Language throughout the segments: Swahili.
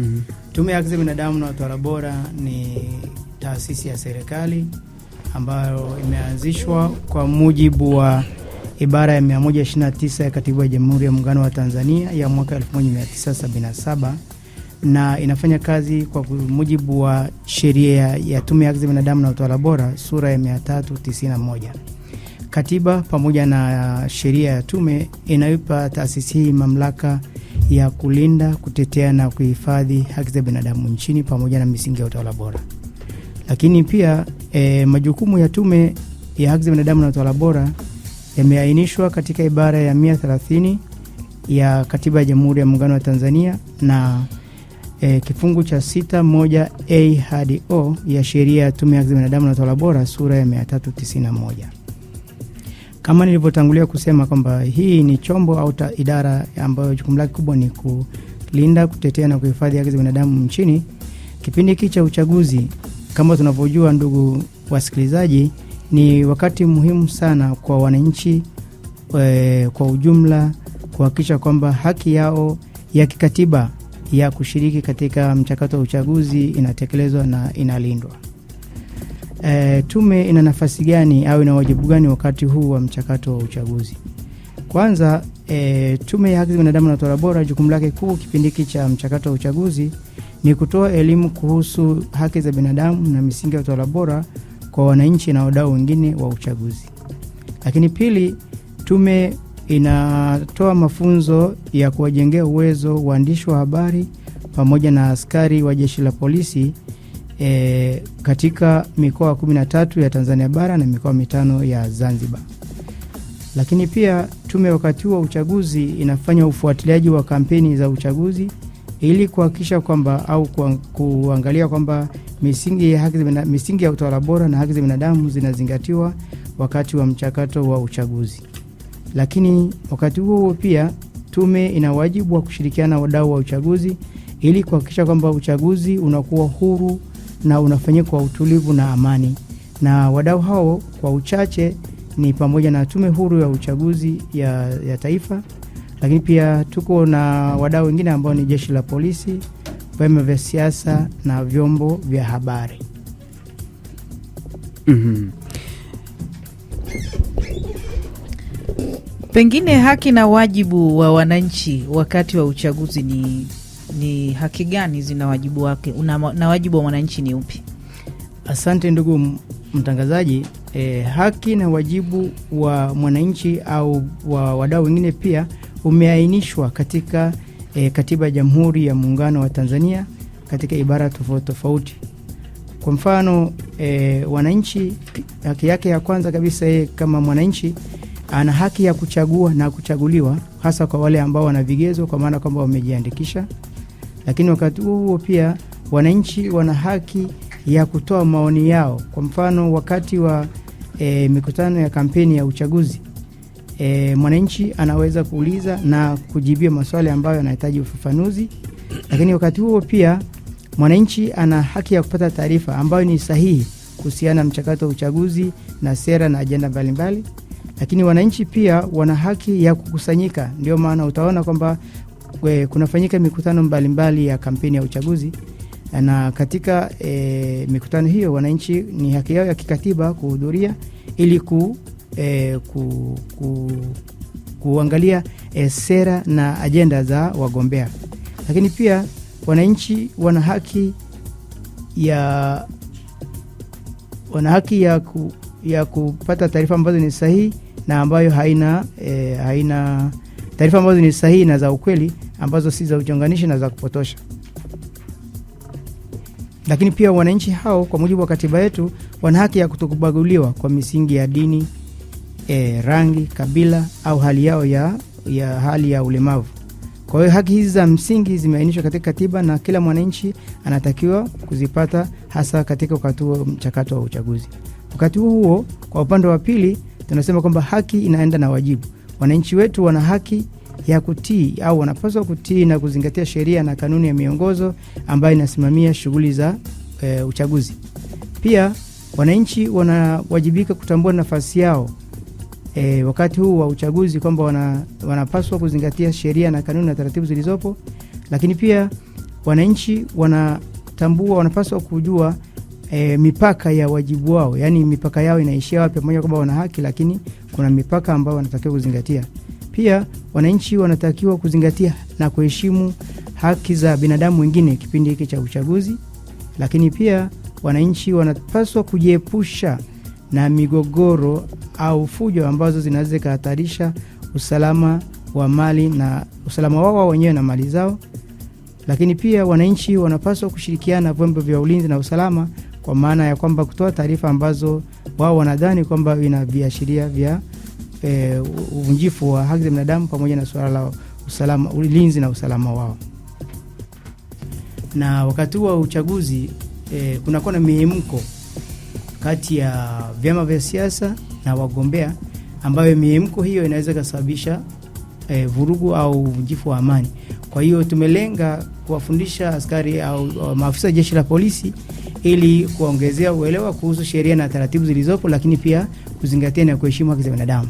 -hmm. Tume ya Haki za Binadamu na Utawala Bora ni taasisi ya serikali ambayo imeanzishwa kwa mujibu wa ibara ya 129 ya Katiba ya Jamhuri ya Muungano wa Tanzania ya mwaka 1977 na inafanya kazi kwa mujibu wa sheria ya Tume ya Haki za Binadamu na Utawala Bora sura ya 391. Katiba pamoja na sheria ya tume inaipa taasisi hii mamlaka ya kulinda, kutetea na kuhifadhi haki za binadamu nchini pamoja na misingi ya utawala bora. Lakini pia e, majukumu ya Tume ya Haki za Binadamu na Utawala Bora yameainishwa katika ibara ya 130 ya Katiba ya Jamhuri ya Muungano wa Tanzania na e, kifungu cha 61 a hadi o ya Sheria ya Tume ya Haki za Binadamu na Utawala Bora sura ya 391. Kama nilivyotangulia kusema kwamba hii ni chombo au idara ambayo jukumu lake kubwa ni kulinda, kutetea na kuhifadhi haki za binadamu nchini. Kipindi hiki cha uchaguzi, kama tunavyojua, ndugu wasikilizaji, ni wakati muhimu sana kwa wananchi e, kwa ujumla kuhakikisha kwamba haki yao ya kikatiba ya kushiriki katika mchakato wa uchaguzi inatekelezwa na inalindwa e, tume ina nafasi gani au ina wajibu gani wakati huu wa mchakato wa uchaguzi? Kwanza e, tume ya haki za binadamu na utawala bora, jukumu lake kuu kipindi hiki cha mchakato wa uchaguzi ni kutoa elimu kuhusu haki za binadamu na misingi ya utawala bora kwa wananchi na wadau wengine wa uchaguzi. Lakini pili, tume inatoa mafunzo ya kuwajengea uwezo waandishi wa habari pamoja na askari wa jeshi la polisi e, katika mikoa 13 ya Tanzania bara na mikoa mitano ya Zanzibar. Lakini pia tume wakati wa uchaguzi inafanya ufuatiliaji wa kampeni za uchaguzi ili kuhakikisha kwamba au kuangalia kwamba misingi ya haki misingi ya utawala bora na haki za binadamu zinazingatiwa wakati wa mchakato wa uchaguzi. Lakini wakati huo huo pia tume ina wajibu wa kushirikiana na wadau wa uchaguzi ili kuhakikisha kwamba uchaguzi unakuwa huru na unafanyika kwa utulivu na amani, na wadau hao kwa uchache ni pamoja na Tume Huru ya Uchaguzi ya, ya Taifa, lakini pia tuko na wadau wengine ambao ni jeshi la polisi, vyama vya siasa na vyombo vya habari. mm -hmm. Pengine haki na wajibu wa wananchi wakati wa uchaguzi ni ni haki gani zina wajibu wake una, na wajibu wa mwananchi ni upi? Asante ndugu mtangazaji. E, haki na wajibu wa mwananchi au wa wadau wengine pia umeainishwa katika e, katiba ya Jamhuri ya Muungano wa Tanzania katika ibara tofauti tofauti. Kwa mfano e, wananchi, haki yake ya kwanza kabisa, yeye kama mwananchi ana haki ya kuchagua na kuchaguliwa, hasa kwa wale ambao wana vigezo, kwa maana kwamba wamejiandikisha lakini wakati huo huo pia wananchi wana haki ya kutoa maoni yao. Kwa mfano wakati wa e, mikutano ya kampeni ya uchaguzi e, mwananchi anaweza kuuliza na kujibia maswali ambayo yanahitaji ufafanuzi, lakini wakati huo pia mwananchi ana haki ya kupata taarifa ambayo ni sahihi kuhusiana na mchakato wa uchaguzi na sera na ajenda mbalimbali. Lakini wananchi pia wana haki ya kukusanyika, ndio maana utaona kwamba we, kunafanyika mikutano mbalimbali mbali ya kampeni ya uchaguzi na katika e, mikutano hiyo wananchi ni haki yao ya kikatiba kuhudhuria ili ku, e, ku, ku, kuangalia e, sera na ajenda za wagombea, lakini pia wananchi wana haki ya wana haki ya, ku, ya kupata taarifa ambazo ni sahihi na ambayo haina, e, haina taarifa ambazo ni sahihi na za ukweli ambazo si za uchonganishi na za kupotosha. Lakini pia wananchi hao kwa mujibu wa katiba yetu wana haki ya kutokubaguliwa kwa misingi ya dini, e, rangi, kabila au hali yao ya, ya hali ya ulemavu. Kwa hiyo haki hizi za msingi zimeainishwa katika katiba na kila mwananchi anatakiwa kuzipata hasa katika wakati huo mchakato wa uchaguzi. Wakati huo huo, kwa upande wa pili tunasema kwamba haki inaenda na wajibu. Wananchi wetu wana haki ya kutii au wanapaswa kutii na kuzingatia sheria na kanuni ya miongozo ambayo inasimamia shughuli za e, uchaguzi. Pia wananchi wanawajibika kutambua nafasi yao e, wakati huu wa uchaguzi kwamba wana, wanapaswa kuzingatia sheria na kanuni na taratibu zilizopo, lakini pia wananchi wanatambua, wanapaswa kujua e, mipaka ya wajibu wao, yaani mipaka yao inaishia wapi, pamoja kwamba wana haki, lakini kuna mipaka ambayo wanatakiwa kuzingatia. Pia wananchi wanatakiwa kuzingatia na kuheshimu haki za binadamu wengine kipindi hiki cha uchaguzi, lakini pia wananchi wanapaswa kujiepusha na migogoro au fujo ambazo zinaweza zikahatarisha usalama wa mali na usalama wao wenyewe na mali zao. Lakini pia wananchi wanapaswa kushirikiana na vyombo vya ulinzi na usalama, kwa maana ya kwamba kutoa taarifa ambazo wao wanadhani kwamba ina viashiria vya e, uvunjifu wa haki za binadamu pamoja na suala la usalama, ulinzi na usalama wao. Na wakati wa uchaguzi e, kunakuwa na mihemko kati ya vyama vya siasa na wagombea, ambayo mihemko hiyo inaweza ikasababisha e, vurugu au uvunjifu wa amani. Kwa hiyo tumelenga kuwafundisha askari au, au maafisa jeshi la polisi ili kuwaongezea uelewa kuhusu sheria na taratibu zilizopo, lakini pia kuzingatia na kuheshimu haki za binadamu.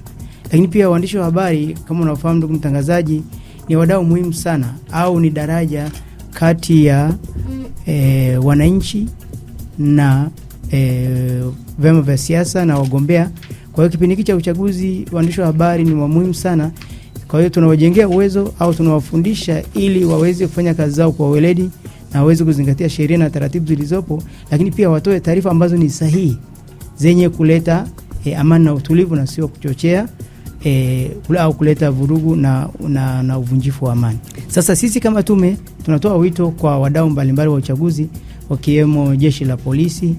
Lakini pia waandishi wa habari kama unafahamu, ndugu mtangazaji, ni wadau muhimu sana au ni daraja kati ya e, wananchi na e, vyama vya siasa na wagombea. Kwa hiyo kipindi hiki cha uchaguzi waandishi wa habari ni wa muhimu sana. Kwa hiyo tunawajengea uwezo au tunawafundisha ili waweze kufanya kazi zao kwa weledi na waweze kuzingatia sheria na taratibu zilizopo, lakini pia watoe taarifa ambazo ni sahihi zenye kuleta e, amani na utulivu na sio kuchochea e, au kuleta vurugu na, na, na uvunjifu wa amani. Sasa sisi kama tume tunatoa wito kwa wadau mbalimbali wa uchaguzi wakiwemo jeshi la polisi,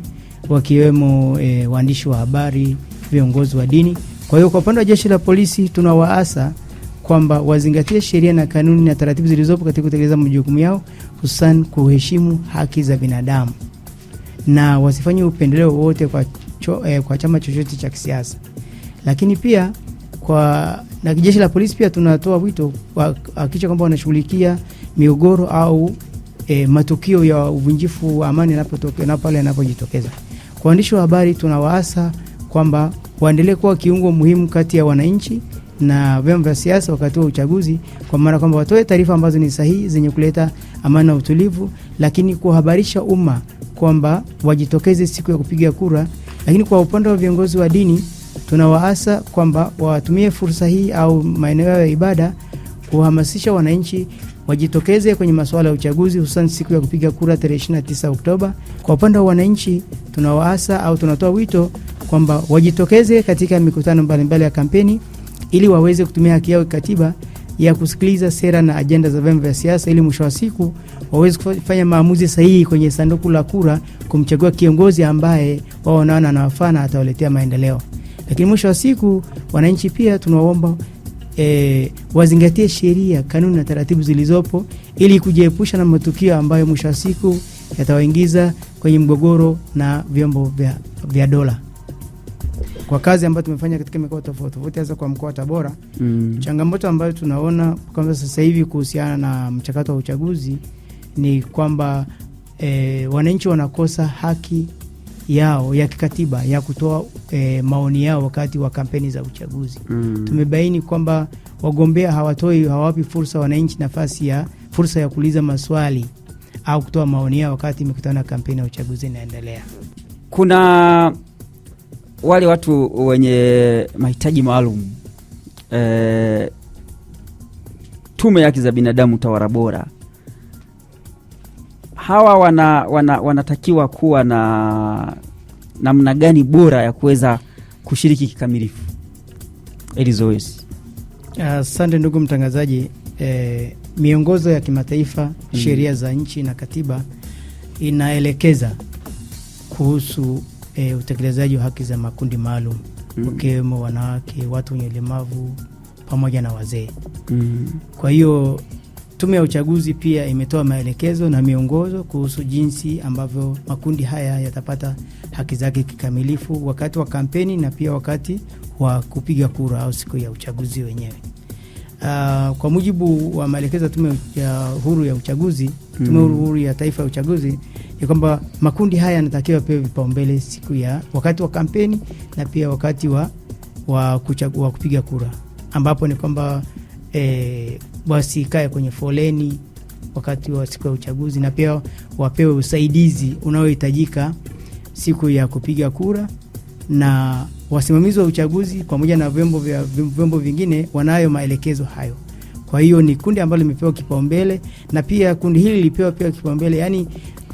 wakiwemo e, waandishi wa habari, viongozi wa dini. Kwa hiyo kwa upande wa jeshi la polisi tunawaasa kwamba wazingatie sheria na kanuni na taratibu zilizopo katika kutekeleza majukumu yao, hususan kuheshimu haki za binadamu na wasifanye upendeleo wowote kwa, cho, eh, kwa chama chochote cha kisiasa, lakini pia kwa na jeshi la polisi pia tunatoa wito hakikisha kwamba wanashughulikia migogoro au e, matukio ya uvunjifu wa amani yanapotokea na pale yanapojitokeza. Kwa waandishi wa habari, tunawaasa kwamba waendelee kuwa kiungo muhimu kati ya wananchi na vyama vya siasa wakati wa uchaguzi, kwa maana kwamba watoe taarifa ambazo ni sahihi zenye kuleta amani na utulivu, lakini kuhabarisha umma kwamba wajitokeze siku ya kupiga kura. Lakini kwa upande wa viongozi wa dini tunawaasa kwamba watumie fursa hii au maeneo yao ya ibada kuhamasisha wananchi wajitokeze kwenye masuala ya uchaguzi, hususan siku ya kupiga kura tarehe 29 Oktoba. Kwa upande wa wananchi, tunawaasa au tunatoa wito kwamba wajitokeze katika mikutano mbalimbali ya kampeni ili waweze kutumia haki yao kikatiba ya kusikiliza sera na ajenda za vyama vya siasa ili mwisho wa siku waweze kufanya maamuzi sahihi kwenye sanduku la kura kumchagua kiongozi ambaye wao wanaona anawafaa na atawaletea maendeleo. Lakini mwisho wa siku wananchi pia tunawaomba e, wazingatie sheria, kanuni na taratibu zilizopo ili kujiepusha na matukio ambayo mwisho wa siku yatawaingiza kwenye mgogoro na vyombo vya, vya dola. Kwa kazi ambayo tumefanya katika mikoa tofauti tofauti, hasa kwa mkoa wa Tabora mm. changamoto ambayo tunaona kwamba sasa hivi kuhusiana na mchakato wa uchaguzi ni kwamba e, wananchi wanakosa haki yao ya kikatiba ya kutoa e, maoni yao wakati wa kampeni za uchaguzi mm. Tumebaini kwamba wagombea hawatoi hawawapi fursa wananchi nafasi ya fursa ya kuuliza maswali au kutoa maoni yao wakati mikutano ya kampeni ya uchaguzi inaendelea. Kuna wale watu wenye mahitaji maalum e, Tume ya Haki za Binadamu Tawara Bora hawa wana, wana, wanatakiwa kuwa na namna gani bora ya kuweza kushiriki kikamilifu ili Asante uh, ndugu mtangazaji. E, miongozo ya kimataifa hmm, sheria za nchi na katiba inaelekeza kuhusu e, utekelezaji wa haki za makundi maalum mm. wakiwemo wanawake, watu wenye ulemavu pamoja na wazee. Mm. Kwa hiyo Tume ya Uchaguzi pia imetoa maelekezo na miongozo kuhusu jinsi ambavyo makundi haya yatapata haki zake kikamilifu wakati wa kampeni na pia wakati wa kupiga kura au siku ya uchaguzi wenyewe. Uh, kwa mujibu wa maelekezo ya Tume ya Huru ya Uchaguzi, Tume mm. Huru ya Taifa ya Uchaguzi ni kwamba makundi haya yanatakiwa pewe vipaumbele siku ya wakati wa kampeni na pia wakati wa, wa, kuchagua, wa kupiga kura ambapo ni kwamba eh, wasikae kwenye foleni wakati wa siku ya uchaguzi, na pia wapewe usaidizi unaohitajika siku ya kupiga kura. Na wasimamizi wa uchaguzi pamoja na vyombo vya vyombo vingine wanayo maelekezo hayo. Kwa hiyo ni kundi ambalo limepewa kipaumbele, na pia kundi hili lilipewa pia kipaumbele yani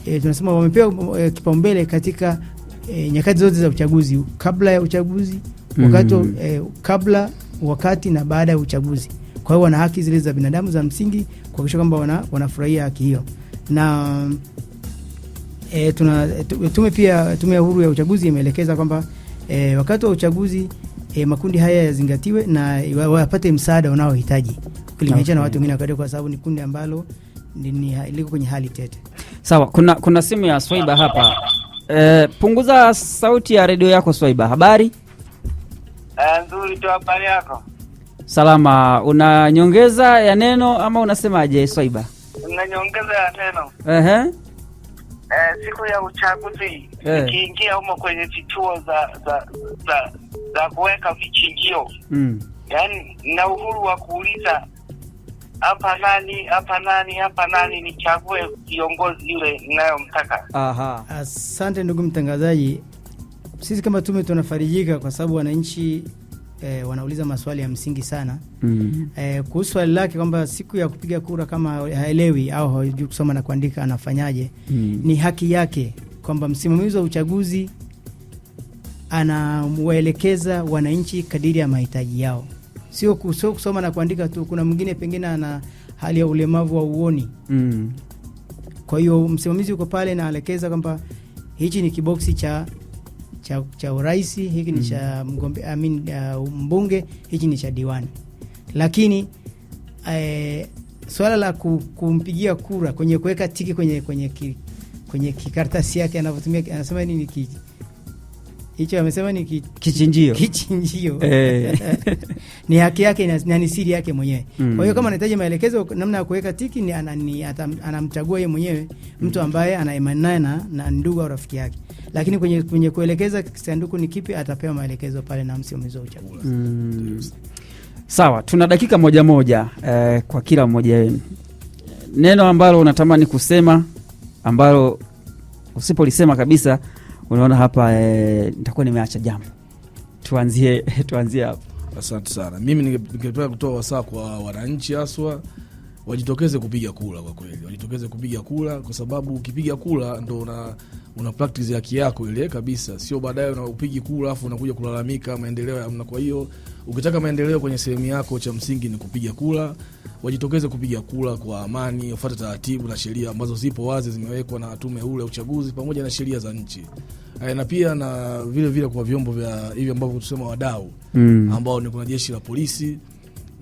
e, eh, tunasema wamepewa e, kipaumbele katika e, nyakati zote za uchaguzi, kabla ya uchaguzi, wakati mm, e, kabla, wakati na baada ya uchaguzi. Kwa hiyo wana haki zile za binadamu za msingi kuhakikisha kwamba wana, wanafurahia haki hiyo na e, tuna, eh, tume pia Tume ya Huru ya Uchaguzi imeelekeza kwamba e, wakati wa uchaguzi e, makundi haya yazingatiwe na wapate msaada unaohitaji kulinganisha okay, na watu wengine kwa sababu ni kundi ambalo liko kwenye hali tete. Sawa, kuna, kuna simu ya Swaiba hapa e, punguza sauti ya redio yako Swaiba. Habari nzuri tu, habari yako? Salama, una nyongeza ya neno ama unasemaje Swaiba? Una nyongeza ya neno. Ehe. Eh, siku ya uchaguzi eh. ikiingia humo kwenye vituo za za za, za kuweka vichinjio mm. Yaani na uhuru wa kuuliza hapa nani hapa nani hapa nani, nichague viongozi yule ninayomtaka. Aha. Asante ndugu mtangazaji, sisi kama tume tunafarijika kwa sababu wananchi eh, wanauliza maswali ya msingi sana mm. eh, kuhusu swali lake kwamba siku ya kupiga kura kama haelewi au hajui kusoma na kuandika anafanyaje? mm. ni haki yake kwamba msimamizi wa uchaguzi anawaelekeza wananchi kadiri ya mahitaji yao, sio kusoma na kuandika tu. Kuna mwingine pengine ana hali ya ulemavu wa uoni mm. kwa hiyo msimamizi uko pale naelekeza kwamba hichi ni kiboksi cha cha, cha urais hiki ni mm. cha mgombe, I mean, uh, mbunge hiki ni cha diwani, lakini uh, swala la kumpigia kura kwenye kuweka tiki kwenye, kwenye, kwenye kikaratasi yake anavyotumia anasema nini kiki hicho amesema ni ki, kichinjio, kichinjio. Eh. ni haki yake na ni siri yake mwenyewe mm. Kwa hiyo kama anahitaji maelekezo namna ya kuweka tiki ni anani, atam, anamchagua yeye mwenyewe mtu mm. ambaye ana imani naye na ndugu au rafiki yake, lakini kwenye, kwenye kuelekeza sanduku ni kipi atapewa maelekezo pale na msimamizi wa uchaguzi mm. Sawa, tuna dakika moja moja eh, kwa kila mmoja wenu, neno ambalo unatamani kusema ambalo usipolisema kabisa unaona hapa e, nitakuwa nimeacha jambo. Tuanzie tuanzie hapo. Asante sana. Mimi ningependa kutoa wasaa kwa wananchi haswa wajitokeze kupiga kura, kwa kweli wajitokeze kupiga kura, kwa sababu ukipiga kura ndo una, una practice haki yako ile kabisa, sio baadaye upigi kura alafu unakuja kulalamika maendeleo hamna. Kwa hiyo Ukitaka maendeleo kwenye sehemu yako, cha msingi ni kupiga kura. Wajitokeze kupiga kura kwa amani, ufuate taratibu na sheria ambazo zipo wazi, zimewekwa na tume huru ya uchaguzi pamoja na sheria za nchi eh, na pia na vile vile kwa vyombo vya hivi ambavyo tusema wadau mm, ambao ni kuna jeshi la polisi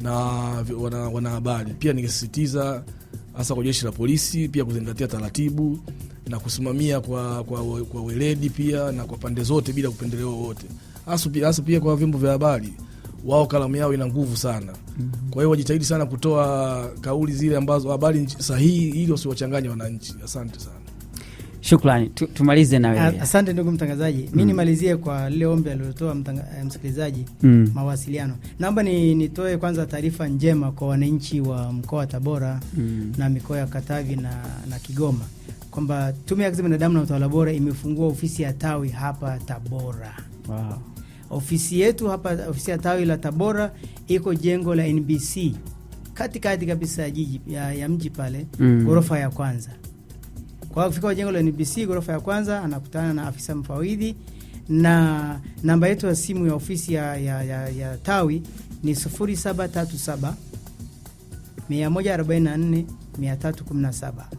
na wanahabari wana pia ningesisitiza hasa kwa jeshi la polisi pia kuzingatia taratibu na kusimamia kwa, kwa, kwa weledi pia na kwa pande zote bila kupendelewa wote hasa pia kwa vyombo vya habari wao kalamu yao ina nguvu sana. Kwa hiyo wajitahidi sana kutoa kauli zile ambazo habari sahihi, ili wasiwachanganye wananchi. Asante sana. Shukrani, tumalize na wewe. Asante ndugu mtangazaji, mi mm. nimalizie kwa lile ombi alilotoa eh, msikilizaji mm. mawasiliano. Naomba ni nitoe kwanza taarifa njema kwa wananchi wa mkoa wa Tabora mm. na mikoa ya Katavi na, na Kigoma kwamba Tume ya Haki za Binadamu na Utawala Bora imefungua ofisi ya tawi hapa Tabora. Wow. Ofisi yetu hapa, ofisi ya tawi la Tabora iko jengo la NBC katikati kabisa ya jiji ya, ya mji pale mm. ghorofa ya kwanza. Kwa kufika jengo la NBC ghorofa ya kwanza, anakutana na afisa mfawidhi na namba yetu ya simu ya ofisi ya, ya, ya, ya tawi ni 0737 na saba.